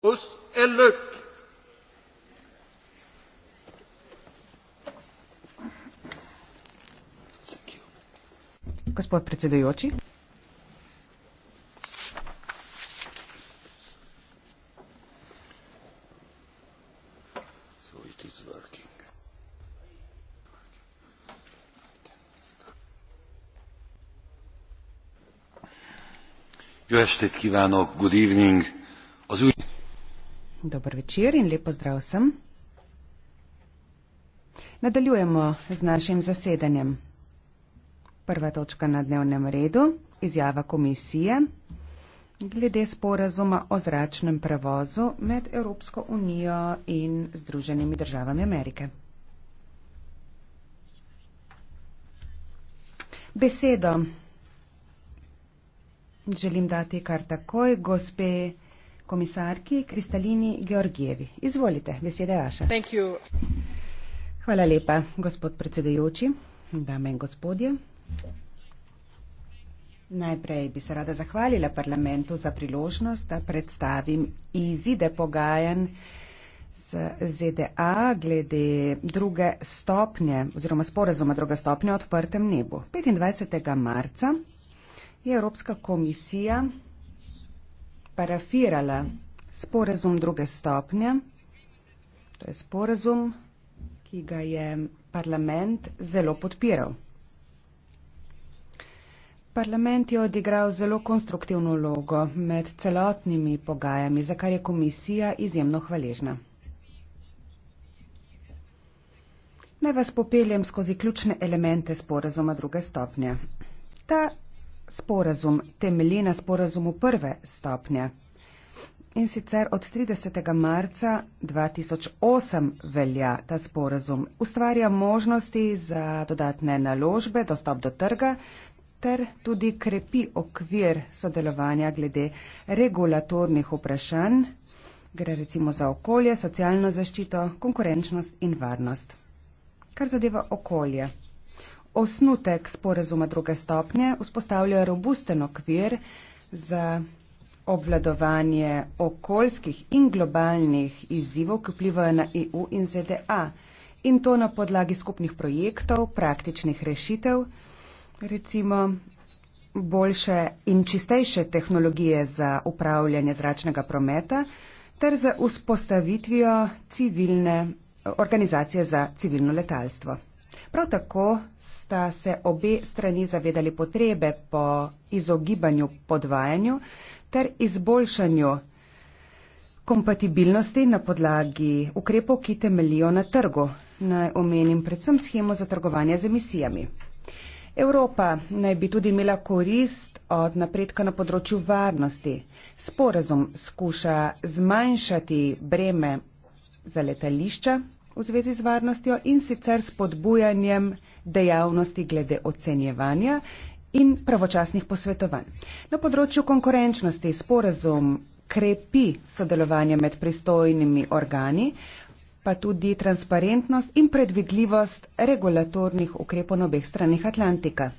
Os är lök. Gospod predsedujoči. Jó estét kívánok, good evening! Az új... Dobro večer in lepo zdrav vsem. Nadaljujemo z našim zasedanjem. Prva točka na dnevnem redu, izjava komisije glede sporazuma o zračnem prevozu med Evropsko unijo in Združenimi državami Amerike. Besedo želim dati kar takoj gospe komisarki Kristalini Georgijevi. Izvolite, beseda je vaša. Hvala lepa, gospod predsedujoči, dame in gospodje. Najprej bi se rada zahvalila parlamentu za priložnost, da predstavim izide pogajanj z ZDA glede druge stopnje oziroma sporazuma druge stopnje o odprtem nebu. 25. marca je Evropska komisija parafirala sporazum druge stopnje, to je sporazum, ki ga je parlament zelo podpiral. Parlament je odigral zelo konstruktivno vlogo med celotnimi pogajami, za kar je komisija izjemno hvaležna. Naj vas popeljem skozi ključne elemente sporazuma druge stopnje. Ta sporazum temelji na sporazumu prve stopnje. In sicer od 30. marca 2008 velja ta sporazum. Ustvarja možnosti za dodatne naložbe, dostop do trga ter tudi krepi okvir sodelovanja glede regulatornih vprašanj, gre recimo za okolje, socialno zaščito, konkurenčnost in varnost. Kar zadeva okolje osnutek sporezuma druge stopnje vzpostavlja robusten okvir za obvladovanje okoljskih in globalnih izzivov, ki vplivajo na EU in ZDA. In to na podlagi skupnih projektov, praktičnih rešitev, recimo boljše in čistejše tehnologije za upravljanje zračnega prometa ter za vzpostavitvijo civilne organizacije za civilno letalstvo. Prav tako sta se obe strani zavedali potrebe po izogibanju podvajanju ter izboljšanju kompatibilnosti na podlagi ukrepov, ki temelijo na trgu. Naj omenim predvsem schemo za trgovanje z emisijami. Evropa naj bi tudi imela korist od napredka na področju varnosti. Sporazum skuša zmanjšati breme za letališča, v zvezi z varnostjo in sicer spodbujanjem dejavnosti glede ocenjevanja in pravočasnih posvetovanj. Na področju konkurenčnosti sporazum krepi sodelovanje med pristojnimi organi, pa tudi transparentnost in predvidljivost regulatornih ukrepov na obeh stranih Atlantika.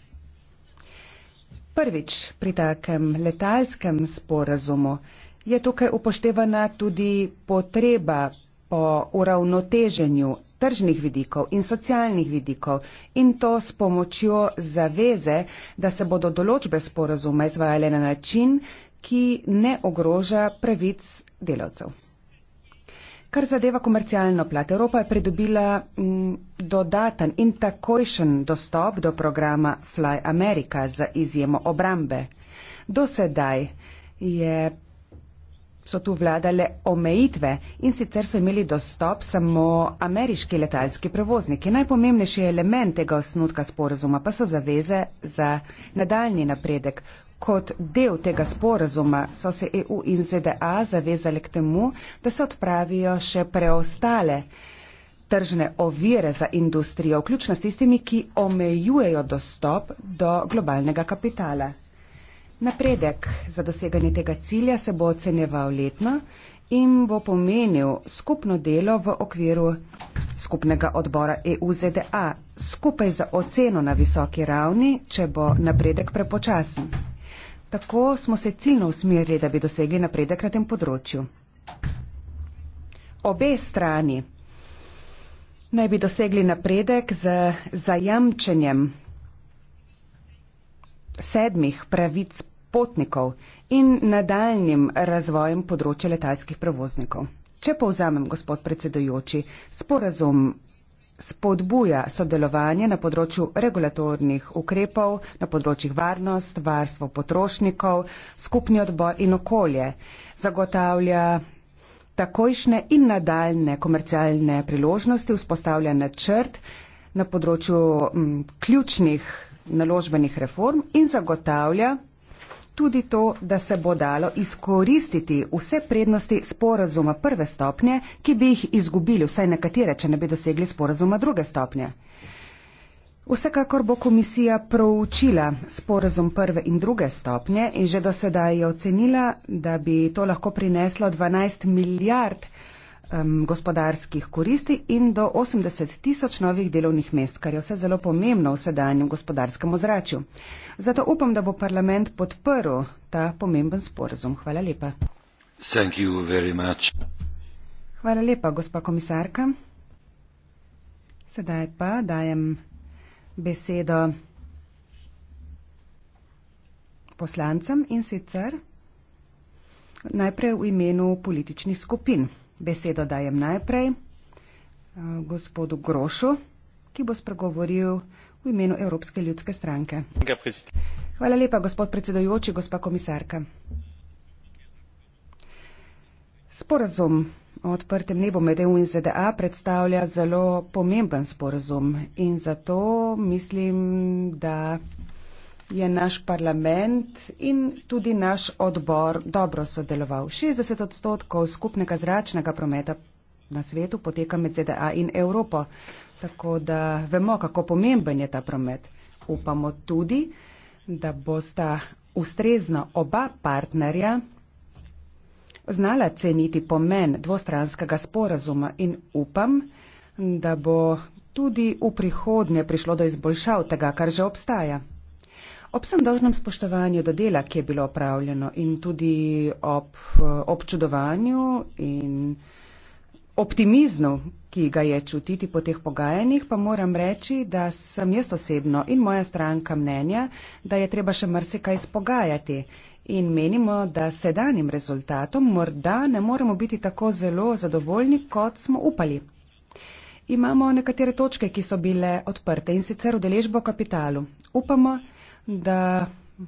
Prvič pri takem letalskem sporazumu je tukaj upoštevana tudi potreba po uravnoteženju tržnih vidikov in socialnih vidikov in to s pomočjo zaveze, da se bodo določbe sporazuma izvajale na način, ki ne ogroža pravic delavcev. Kar zadeva komercialno plat, Evropa je pridobila m, mm, dodaten in takojšen dostop do programa Fly America za izjemo obrambe. Do sedaj je so tu vladale omejitve in sicer so imeli dostop samo ameriški letalski prevozniki. Najpomembnejši element tega osnutka sporazuma pa so zaveze za nadaljni napredek. Kot del tega sporazuma so se EU in ZDA zavezali k temu, da se odpravijo še preostale tržne ovire za industrijo, vključno s tistimi, ki omejujejo dostop do globalnega kapitala. Napredek za doseganje tega cilja se bo ocenjeval letno in bo pomenil skupno delo v okviru skupnega odbora EU-ZDA skupaj za oceno na visoki ravni, če bo napredek prepočasen. Tako smo se ciljno usmerili, da bi dosegli napredek na tem področju. Obe strani naj bi dosegli napredek z zajamčenjem sedmih pravic potnikov in nadaljnim razvojem področja letalskih prevoznikov. Če povzamem, gospod predsedujoči, sporazum spodbuja sodelovanje na področju regulatornih ukrepov, na področjih varnost, varstvo potrošnikov, skupni odbor in okolje. Zagotavlja takojšnje in nadaljne komercialne priložnosti, vzpostavlja načrt na področju m, mm, ključnih naložbenih reform in zagotavlja tudi to, da se bo dalo izkoristiti vse prednosti sporazuma prve stopnje, ki bi jih izgubili vsaj nekatere, če ne bi dosegli sporazuma druge stopnje. Vsekakor bo komisija proučila sporazum prve in druge stopnje in že do sedaj je ocenila, da bi to lahko prineslo 12 milijard um, gospodarskih koristi in do 80 tisoč novih delovnih mest, kar je vse zelo pomembno v sedanjem gospodarskem ozračju. Zato upam, da bo parlament podprl ta pomemben sporazum. Hvala lepa. Hvala lepa, gospa komisarka. Sedaj pa dajem besedo poslancem in sicer najprej v imenu političnih skupin. Besedo dajem najprej eh, gospodu Grošu, ki bo spregovoril v imenu Evropske ljudske stranke. Hvala lepa, gospod predsedojoči, gospa komisarka. Sporazum o odprtem nebu med EU in ZDA predstavlja zelo pomemben sporazum in zato mislim, da je naš parlament in tudi naš odbor dobro sodeloval. 60 odstotkov skupnega zračnega prometa na svetu poteka med ZDA in Evropo, tako da vemo, kako pomemben je ta promet. Upamo tudi, da bosta ustrezno oba partnerja znala ceniti pomen dvostranskega sporazuma in upam, da bo tudi v prihodnje prišlo do izboljšav tega, kar že obstaja. Ob vsem dožnem spoštovanju do dela, ki je bilo opravljeno in tudi ob eh, občudovanju in optimizmu, ki ga je čutiti po teh pogajanjih, pa moram reči, da sem jaz osebno in moja stranka mnenja, da je treba še marsikaj spogajati. In menimo, da sedanjim rezultatom morda ne moremo biti tako zelo zadovoljni, kot smo upali. Imamo nekatere točke, ki so bile odprte in sicer udeležbo kapitalu. Upamo, da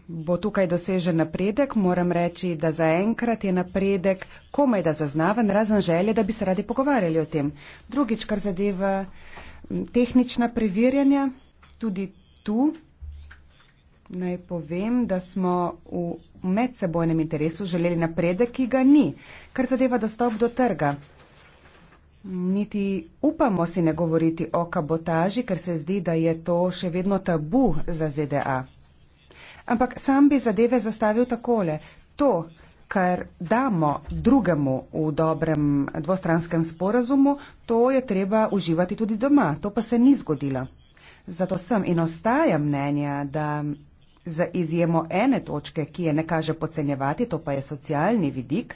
bo tukaj dosežen napredek. Moram reči, da zaenkrat je napredek komaj da zaznaven, razen želje, da bi se radi pogovarjali o tem. Drugič, kar zadeva tehnična preverjanja, tudi tu naj povem, da smo v medsebojnem interesu želeli napredek, ki ga ni, kar zadeva dostop do trga. Niti upamo si ne govoriti o kabotaži, ker se zdi, da je to še vedno tabu za ZDA. Ampak sam bi zadeve zastavil takole. To, kar damo drugemu v dobrem dvostranskem sporazumu, to je treba uživati tudi doma. To pa se ni zgodilo. Zato sem in ostajam mnenja, da za izjemo ene točke, ki je ne kaže pocenjevati, to pa je socialni vidik,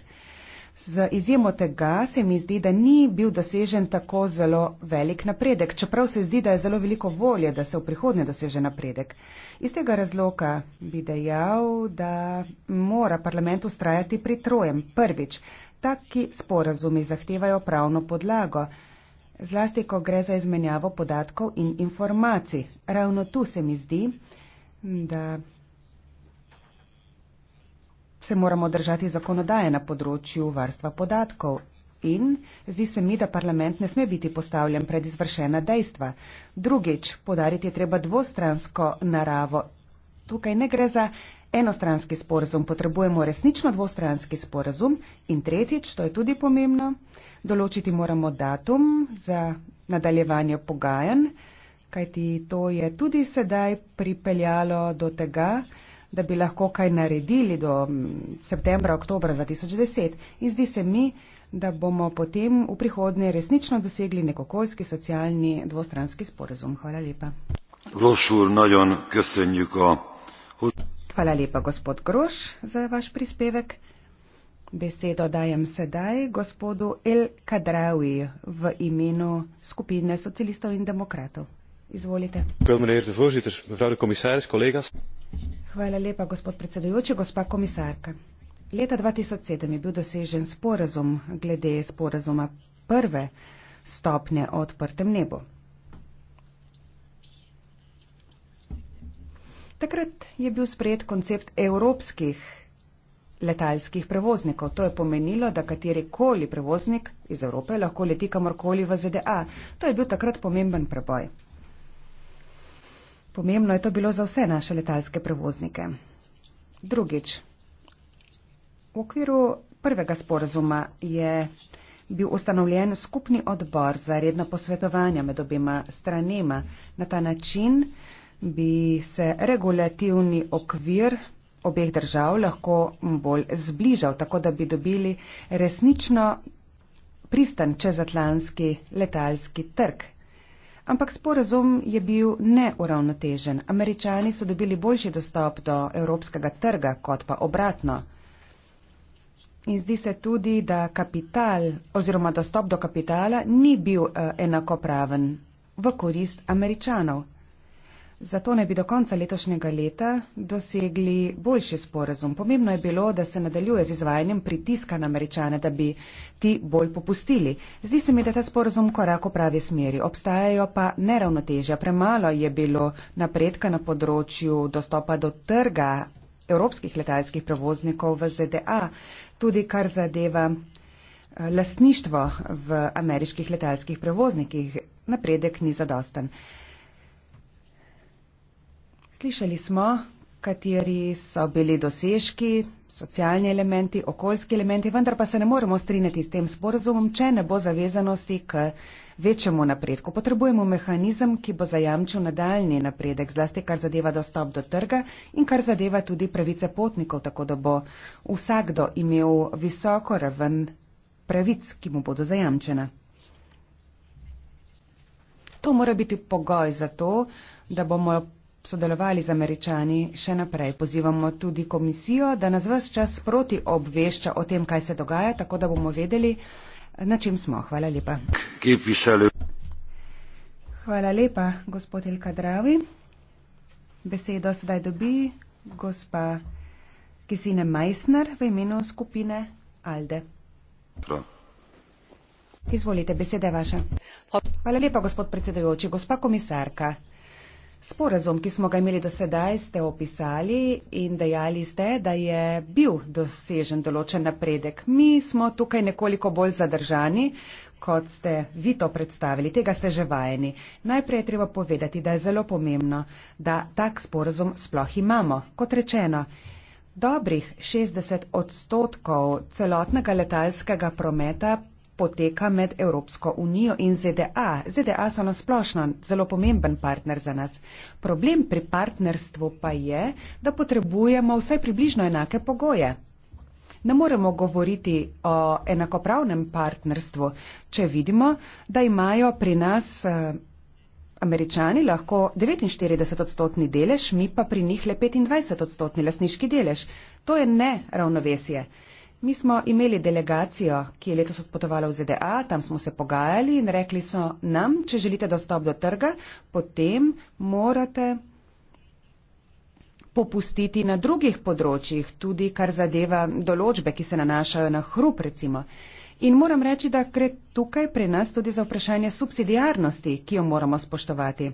Z izjemo tega se mi zdi, da ni bil dosežen tako zelo velik napredek, čeprav se zdi, da je zelo veliko volje, da se v prihodnje doseže napredek. Iz tega razloga bi dejal, da mora parlament ustrajati pri trojem. Prvič, taki sporazumi zahtevajo pravno podlago, zlasti ko gre za izmenjavo podatkov in informacij. Ravno tu se mi zdi, da se moramo držati zakonodaje na področju varstva podatkov. In zdi se mi, da parlament ne sme biti postavljen pred izvršena dejstva. Drugič, podariti je treba dvostransko naravo. Tukaj ne gre za enostranski sporazum, potrebujemo resnično dvostranski sporazum. In tretjič, to je tudi pomembno, določiti moramo datum za nadaljevanje pogajanj, kajti to je tudi sedaj pripeljalo do tega, da bi lahko kaj naredili do mm, septembra, oktobra 2010. In zdi se mi, da bomo potem v prihodnje resnično dosegli nek okoljski, socialni, dvostranski sporazum. Hvala lepa. Grošur, najon, kesenjiko. Hvala lepa, gospod Groš, za vaš prispevek. Besedo dajem sedaj gospodu El Kadravi v imenu skupine socialistov in demokratov. Izvolite. Hvala, mreža, voržite, mevrade, komisarje, kolega. Hvala lepa, gospod predsedujoči, gospa komisarka. Leta 2007 je bil dosežen sporazum glede sporazuma prve stopnje o odprtem nebu. Takrat je bil sprejet koncept evropskih letalskih prevoznikov. To je pomenilo, da katerikoli prevoznik iz Evrope lahko leti kamorkoli v ZDA. To je bil takrat pomemben preboj. Pomembno je to bilo za vse naše letalske prevoznike. Drugič, v okviru prvega sporazuma je bil ustanovljen skupni odbor za redno posvetovanje med obima stranima. Na ta način bi se regulativni okvir obeh držav lahko bolj zbližal, tako da bi dobili resnično pristan čezatlanski letalski trg ampak sporazum je bil neuravnotežen. Američani so dobili boljši dostop do evropskega trga kot pa obratno. In zdi se tudi, da kapital oziroma dostop do kapitala ni bil eh, enakopraven v korist američanov. Zato naj bi do konca letošnjega leta dosegli boljši sporazum. Pomembno je bilo, da se nadaljuje z izvajanjem pritiska na američane, da bi ti bolj popustili. Zdi se mi, da ta sporazum korak v pravi smeri. Obstajajo pa neravnotežja. Premalo je bilo napredka na področju dostopa do trga evropskih letalskih prevoznikov v ZDA, tudi kar zadeva eh, lasništvo v ameriških letalskih prevoznikih. Napredek ni zadosten. Slišali smo, kateri so bili dosežki, socialni elementi, okoljski elementi, vendar pa se ne moremo strinjati s tem sporozumom, če ne bo zavezanosti k večjemu napredku. Potrebujemo mehanizem, ki bo zajamčil nadaljni napredek, zlasti kar zadeva dostop do trga in kar zadeva tudi pravice potnikov, tako da bo vsakdo imel visoko raven pravic, ki mu bodo zajamčene. To mora biti pogoj za to, da bomo sodelovali z američani, še naprej pozivamo tudi komisijo, da nas vse čas proti obvešča o tem, kaj se dogaja, tako da bomo vedeli, na čem smo. Hvala lepa. Hvala lepa, gospod Elka Dravi. Besedo sedaj dobi gospa Kisine Meissner v imenu skupine Alde. Prav. Izvolite, beseda je vaša. Hvala lepa, gospod predsedujoči. Gospa komisarka, Sporazum, ki smo ga imeli do sedaj, ste opisali in dejali ste, da je bil dosežen določen napredek. Mi smo tukaj nekoliko bolj zadržani, kot ste vi to predstavili. Tega ste že vajeni. Najprej je treba povedati, da je zelo pomembno, da tak sporazum sploh imamo. Kot rečeno, dobrih 60 odstotkov celotnega letalskega prometa poteka med Evropsko unijo in ZDA. ZDA so nasplošno zelo pomemben partner za nas. Problem pri partnerstvu pa je, da potrebujemo vsaj približno enake pogoje. Ne moremo govoriti o enakopravnem partnerstvu, če vidimo, da imajo pri nas eh, američani lahko 49 odstotni delež, mi pa pri njih le 25 odstotni lasniški delež. To je neravnovesje. Mi smo imeli delegacijo, ki je letos odpotovala v ZDA, tam smo se pogajali in rekli so nam, če želite dostop do trga, potem morate popustiti na drugih področjih, tudi kar zadeva določbe, ki se nanašajo na hrup recimo. In moram reči, da gre tukaj pri nas tudi za vprašanje subsidijarnosti, ki jo moramo spoštovati.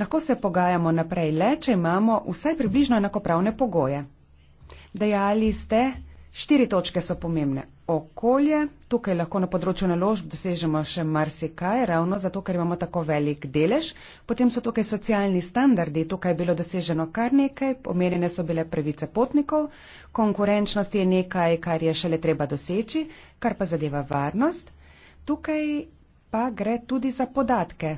Lahko se pogajamo naprej le, če imamo vsaj približno enakopravne pogoje. Dejali ste, Štiri točke so pomembne. Okolje, tukaj lahko na področju naložb dosežemo še marsikaj, ravno zato, ker imamo tako velik delež. Potem so tukaj socialni standardi, tukaj je bilo doseženo kar nekaj, omenjene so bile pravice potnikov, konkurenčnost je nekaj, kar je šele treba doseči, kar pa zadeva varnost. Tukaj pa gre tudi za podatke.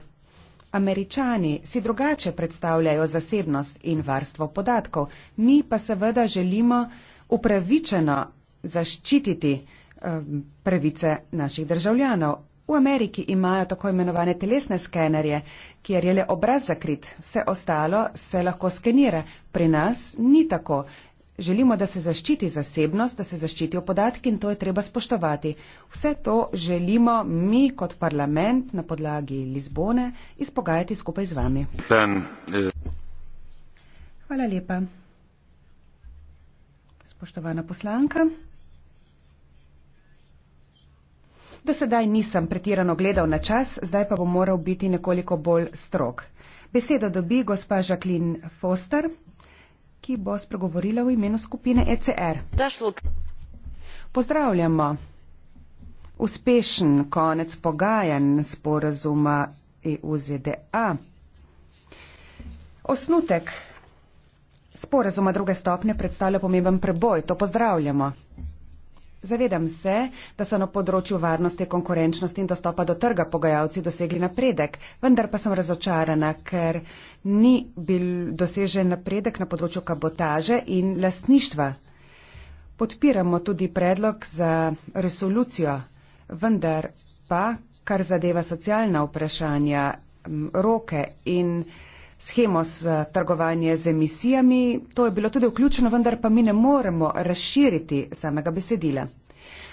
Američani si drugače predstavljajo zasebnost in varstvo podatkov, mi pa seveda želimo, upravičeno zaščititi eh, pravice naših državljanov. V Ameriki imajo tako imenovane telesne skenerje, kjer je le obraz zakrit, vse ostalo se lahko skenira. Pri nas ni tako. Želimo, da se zaščiti zasebnost, da se zaščitijo podatki in to je treba spoštovati. Vse to želimo mi kot parlament na podlagi Lizbone izpogajati skupaj z vami. Eh, Hvala lepa spoštovana poslanka. Do sedaj nisem pretirano gledal na čas, zdaj pa bom moral biti nekoliko bolj strok. Besedo dobi gospa Jacqueline Foster, ki bo spregovorila v imenu skupine ECR. Pozdravljamo. Uspešen konec pogajanj sporazuma EU-ZDA. Osnutek Sporazuma druge stopnje predstavlja pomemben preboj, to pozdravljamo. Zavedam se, da so na področju varnosti, konkurenčnosti in dostopa do trga pogajalci dosegli napredek, vendar pa sem razočarana, ker ni bil dosežen napredek na področju kabotaže in lastništva. Podpiramo tudi predlog za resolucijo, vendar pa, kar zadeva socialna vprašanja, roke in schemo z eh, trgovanje z emisijami. To je bilo tudi vključeno, vendar pa mi ne moremo razširiti samega besedila.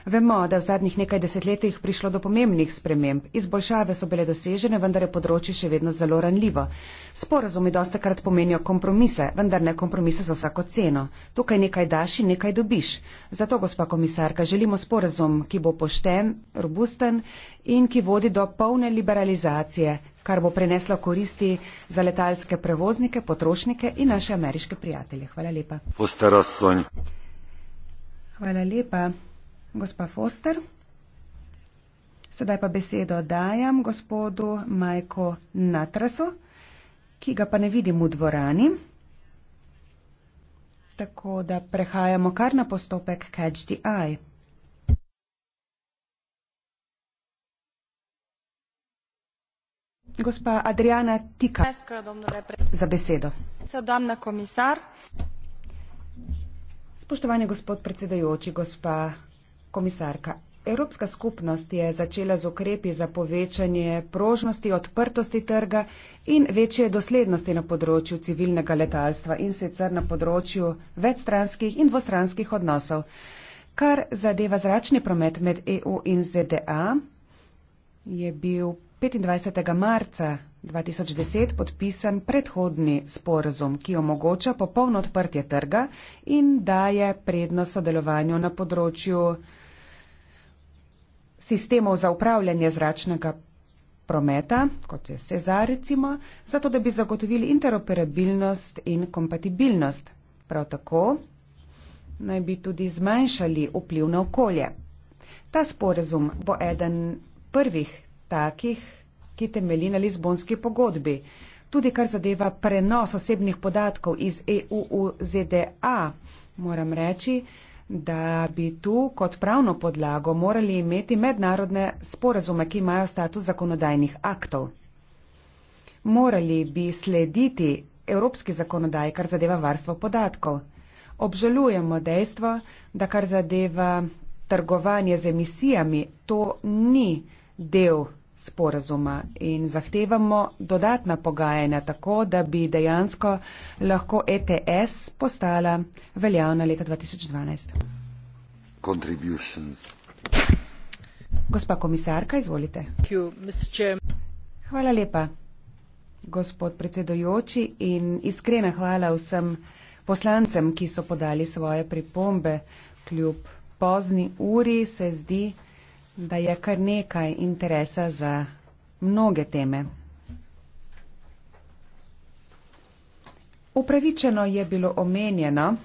Vemo, da je v zadnjih nekaj desetletjih prišlo do pomembnih sprememb. Izboljšave so bile dosežene, vendar je področje še vedno zelo ranljivo. Sporazumi dosta krat pomenijo kompromise, vendar ne kompromise za vsako ceno. Tukaj nekaj daš in nekaj dobiš. Zato, gospa komisarka, želimo sporazum, ki bo pošten, robusten in ki vodi do polne liberalizacije kar bo preneslo koristi za letalske prevoznike, potrošnike in naše ameriške prijatelje. Hvala lepa. Foster, Hvala lepa, gospa Foster. Sedaj pa besedo dajam gospodu Majko Natrasu, ki ga pa ne vidim v dvorani. Tako da prehajamo kar na postopek Catch the Eye. Gospa Adriana Tika, za besedo. Spoštovani gospod predsedujoči, gospa komisarka. Evropska skupnost je začela z ukrepi za povečanje prožnosti, odprtosti trga in večje doslednosti na področju civilnega letalstva in sicer na področju večstranskih in dvostranskih odnosov. Kar zadeva zračni promet med EU in ZDA, je bil 25. marca 2010 podpisan predhodni sporazum, ki omogoča popolno odprtje trga in daje prednost sodelovanju na področju sistemov za upravljanje zračnega prometa, kot je SEZA recimo, zato da bi zagotovili interoperabilnost in kompatibilnost. Prav tako naj bi tudi zmanjšali vpliv na okolje. Ta sporazum bo eden prvih takih, ki temelji na Lizbonski pogodbi. Tudi kar zadeva prenos osebnih podatkov iz EU v ZDA, moram reči, da bi tu kot pravno podlago morali imeti mednarodne sporazume, ki imajo status zakonodajnih aktov. Morali bi slediti evropski zakonodaj, kar zadeva varstvo podatkov. Obžalujemo dejstvo, da kar zadeva trgovanje z emisijami, to ni del sporazuma in zahtevamo dodatna pogajanja tako, da bi dejansko lahko ETS postala veljavna leta 2012. Gospa komisarka, izvolite. Hvala lepa, gospod predsedojoči in iskrena hvala vsem poslancem, ki so podali svoje pripombe. Kljub pozni uri se zdi, da je kar nekaj interesa za mnoge teme. Upravičeno je bilo omenjeno,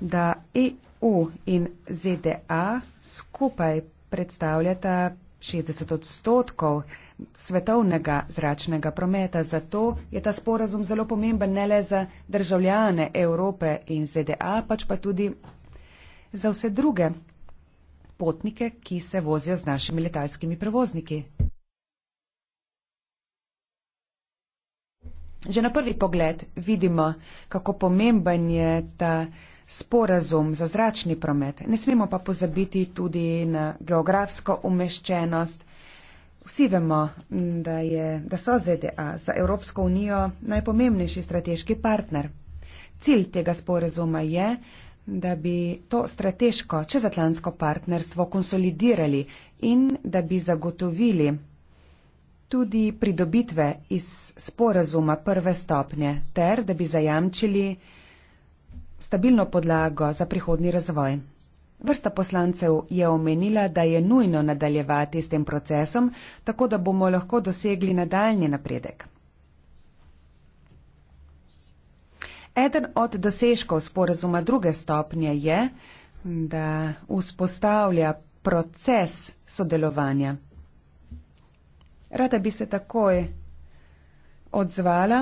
da EU in ZDA skupaj predstavljata 60 odstotkov svetovnega zračnega prometa. Zato je ta sporazum zelo pomemben ne le za državljane Evrope in ZDA, pač pa tudi za vse druge potnike, ki se vozijo z našimi letalskimi prevozniki? Že na prvi pogled vidimo, kako pomemben je ta sporazum za zračni promet. Ne smemo pa pozabiti tudi na geografsko umeščenost. Vsi vemo, da, je, da so ZDA za Evropsko unijo najpomembnejši strateški partner. Cilj tega sporazuma je, da bi to strateško čezatlansko partnerstvo konsolidirali in da bi zagotovili tudi pridobitve iz sporazuma prve stopnje ter da bi zajamčili stabilno podlago za prihodni razvoj. Vrsta poslancev je omenila, da je nujno nadaljevati s tem procesom, tako da bomo lahko dosegli nadaljni napredek. Eden od dosežkov sporazuma druge stopnje je, da vzpostavlja proces sodelovanja. Rada bi se takoj odzvala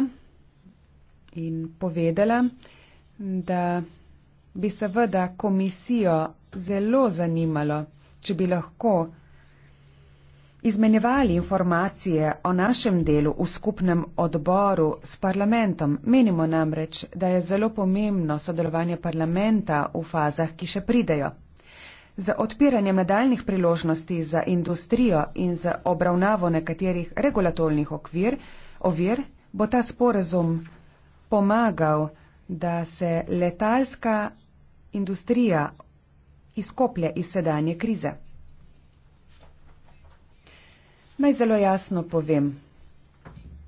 in povedala, da bi seveda komisijo zelo zanimalo, če bi lahko izmenjevali informacije o našem delu v skupnem odboru s parlamentom. Menimo namreč, da je zelo pomembno sodelovanje parlamenta v fazah, ki še pridejo. Za odpiranje nadaljnih priložnosti za industrijo in za obravnavo nekaterih regulatornih okvir, ovir bo ta sporazum pomagal, da se letalska industrija izkoplje iz sedanje krize. Naj zelo jasno povem.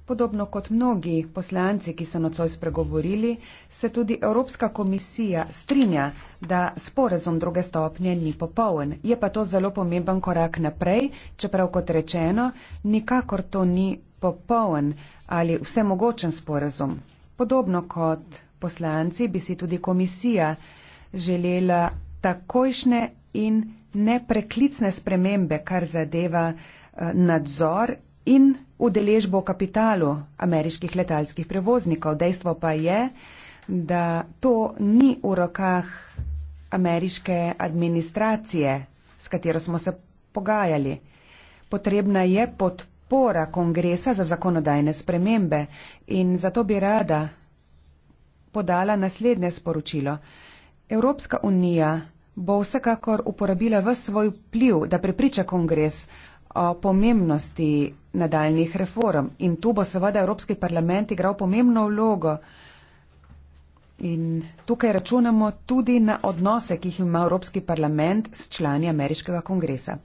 Podobno kot mnogi poslanci, ki so nocoj spregovorili, se tudi Evropska komisija strinja, da sporazum druge stopnje ni popoln. Je pa to zelo pomemben korak naprej, čeprav kot rečeno, nikakor to ni popoln ali vsemogočen sporazum. Podobno kot poslanci bi si tudi komisija želela takojšnje in nepreklicne spremembe, kar zadeva. Eh, nadzor in udeležbo kapitalu ameriških letalskih prevoznikov. Dejstvo pa je, da to ni v rokah ameriške administracije, s katero smo se pogajali. Potrebna je podpora kongresa za zakonodajne spremembe in zato bi rada podala naslednje sporočilo. Evropska unija bo vsekakor uporabila v svoj pliv, da prepriča kongres o pomembnosti nadaljnih reform in tu bo seveda Evropski parlament igral pomembno vlogo. In tukaj računamo tudi na odnose, ki jih ima Evropski parlament s člani Ameriškega kongresa.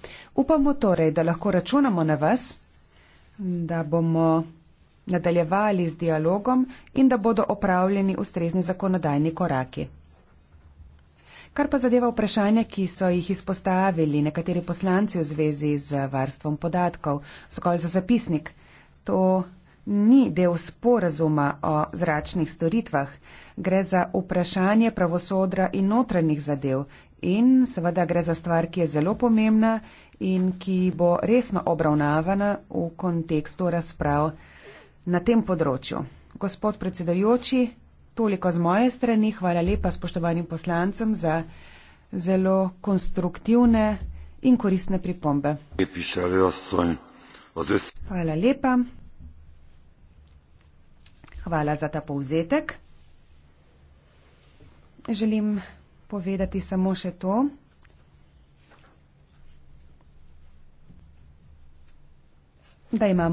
Upamo torej, da lahko računamo na vas, da bomo nadaljevali z dialogom in da bodo opravljeni ustrezni zakonodajni koraki. Kar pa zadeva vprašanja, ki so jih izpostavili nekateri poslanci v zvezi z varstvom podatkov, zgolj za zapisnik, to ni del sporazuma o zračnih storitvah, gre za vprašanje pravosodra in notranjih zadev in seveda gre za stvar, ki je zelo pomembna in ki bo resno obravnavana v kontekstu razprav na tem področju. Gospod predsedojoči, toliko z moje strani. Hvala lepa spoštovanim poslancem za zelo konstruktivne in koristne pripombe. Hvala lepa. Hvala za ta povzetek. Želim povedati samo še to. Da imamo.